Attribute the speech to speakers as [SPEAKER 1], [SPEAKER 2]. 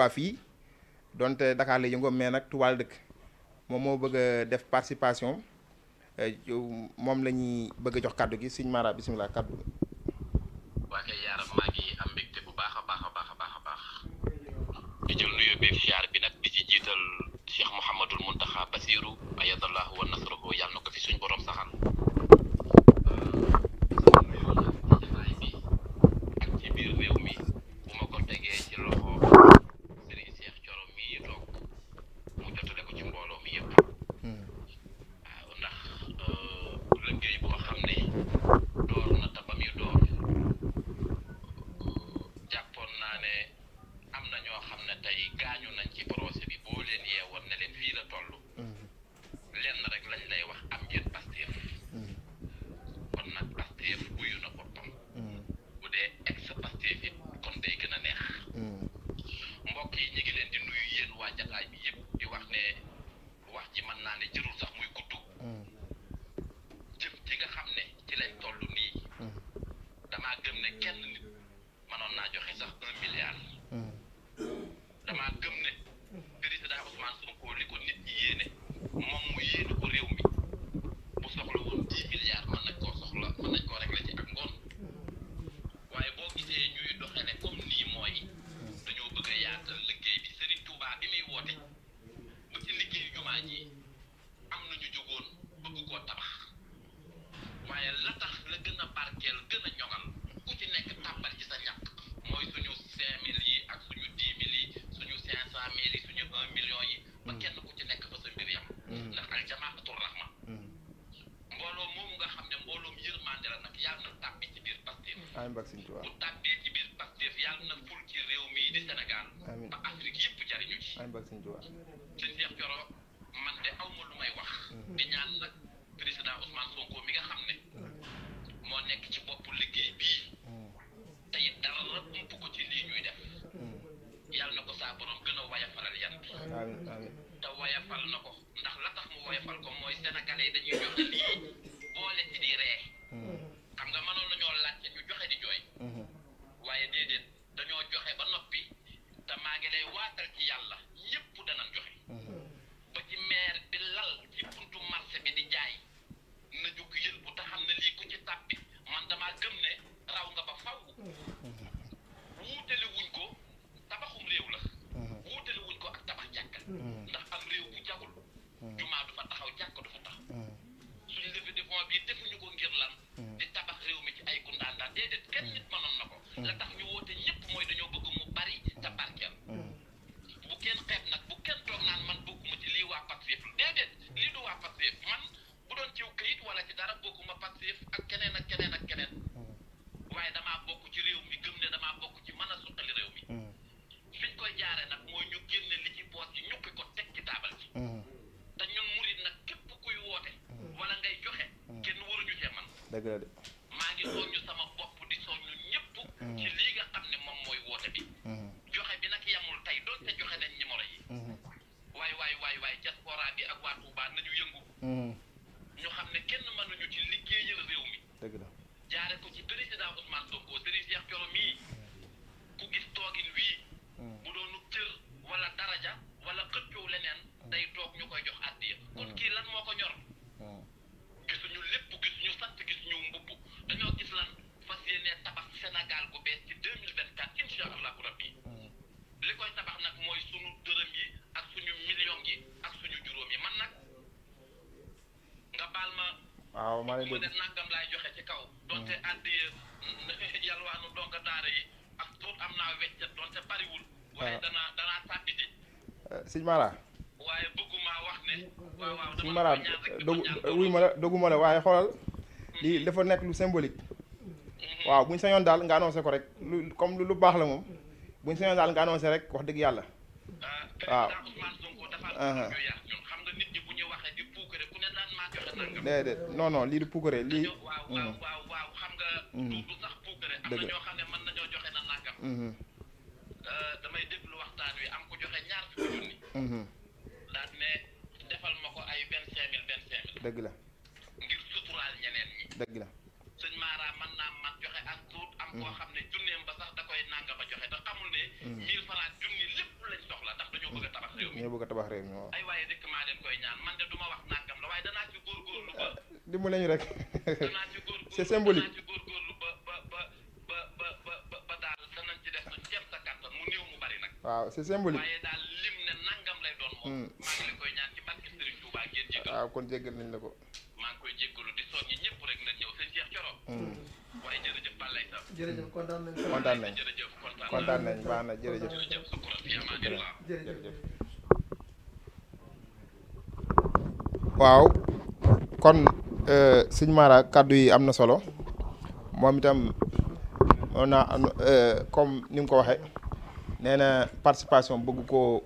[SPEAKER 1] waa fii donte Dakar la yëngoom mais nag Touba dëkk moom moo bëgg def participation euh, moom lañuy ñuy bëgg jox kaddu gi sëñ Mara bisimilah kàddu gi.
[SPEAKER 2] waa kay bi nag di ci jiital Cheikh Mouhamadul Mountakha Bassirou ayadallahu wa nasruhu yàlla na ko fi suñ borom sax naa am na ñoo xam ne tey gaañu nañ ci procès bi boo leen yeewoon ne leen fii la toll mhm. lenn rek lañ lay wax am ngeen Pastef mhm. kon nag naa joxe sax un milliard
[SPEAKER 1] amiin bak sëñ Tuubaa bu
[SPEAKER 2] tàbbee ci biir Pastef yàlla na ful ci réew mii di Sénégal amiin ba Afrique yëpp jariñu ci amiin
[SPEAKER 1] bak sëñ Tuubaa sëñ
[SPEAKER 2] man de aw lu may wax mm-hmm. di ñaan nag président Ousmane Sonko mi nga xam ne mm-hmm. moo nekk ci bopp liggéey
[SPEAKER 1] bii mm-hmm.
[SPEAKER 2] te it dara ko ci lii ñuy def yàlla na ko saa gën a wayafalal yan bi te wayafal na ko ndax la tax mu wayafal ko mooy sénégalais dañuy jox la tax ñu woote yépp mooy dañoo bëgg mu bari te barkeel mm. Mm. bu kenn xeeb nag bu kenn toog naan man bokkuma ci lii waa Pastef déedéet lii du waa Pastef man bu doon ciw këyit ci dara bokkuma Pastef ak keneen ak keneen ak keneen mm. waaye damaa bokk ci réew mi gëm ne damaa bokk ci mën a suqali réew mi fiñ koy jaare nag mooy ñu génne li ci poos yi ñukki ko teg ci taabal ci
[SPEAKER 1] te murit nag
[SPEAKER 2] képp kuy woote wala ngay joxe kenn waruñu cee man dëgg de maa ngi
[SPEAKER 1] dëgg la jaare ko ci président Ousmane Sonko Serigne Cheikh Thioro mii ku gis toogin wii bu hmm. doonu
[SPEAKER 2] cër wala daraja wala xëccoo leneen hmm. day toog ñu koy jox addiya hmm. kon kii lan moo ko ñor gisuñu lépp gisuñu gis gisuñu mbubb dañoo gis lan fas yéene tabax Sénégal bu bees ci deux mille vingt quatre incha allahu rabbi li koy tabax nag mooy suñu dërëm yi ak suñu million yi ak suñu juróom yi man nag nga baal ma
[SPEAKER 1] waaw maa ngi dégg sëñ Mara. waaye bëgguma Mara dogu wuy ma la doguma la waaye xoolal. lii dafa nekk lu symbolique. Mhm. waaw buñ sañoon daal nga annoncé ko rek lu comme lu baax la moom. buñ sañoon daal nga annoncé rek wax dëgg yàlla. Ah, waaw. Uh-huh. déedéet non non lii du puukare lii. dëgg daat
[SPEAKER 2] mhm. ne defal ma ko ay vingt cinq mille vingt dëgg la. ngir suturaal ñeneen ñi. dëgg la. sëñ Mara man naa man joxe ak tuut. am koo mhm. xam ne junneem ba sax da koy nanga ba joxe te xamul ne. Mhm. mille francs junni lépp
[SPEAKER 1] lañ soxla ndax dañoo bëgg a tabax réew mi. dañoo bëgg a tabax réew mi waaw. ay waaye dëkk maa leen koy ñaan man de du wax nangam la waaye danaa ci góorgóorlu ba. Ah, dimbali ba ba ba ba ba ba daal danañ ci def suñu kéem sa kàttan mu néew mu bari nag. waaw c'est Hmm. maa waaw ah, kon jégal nañ la ko. maa ngi hmm. kon euh, sëñ Mara kàddu yi am na solo moom itam on a euh, comme ni ko waxe nee na participation bëgg koo.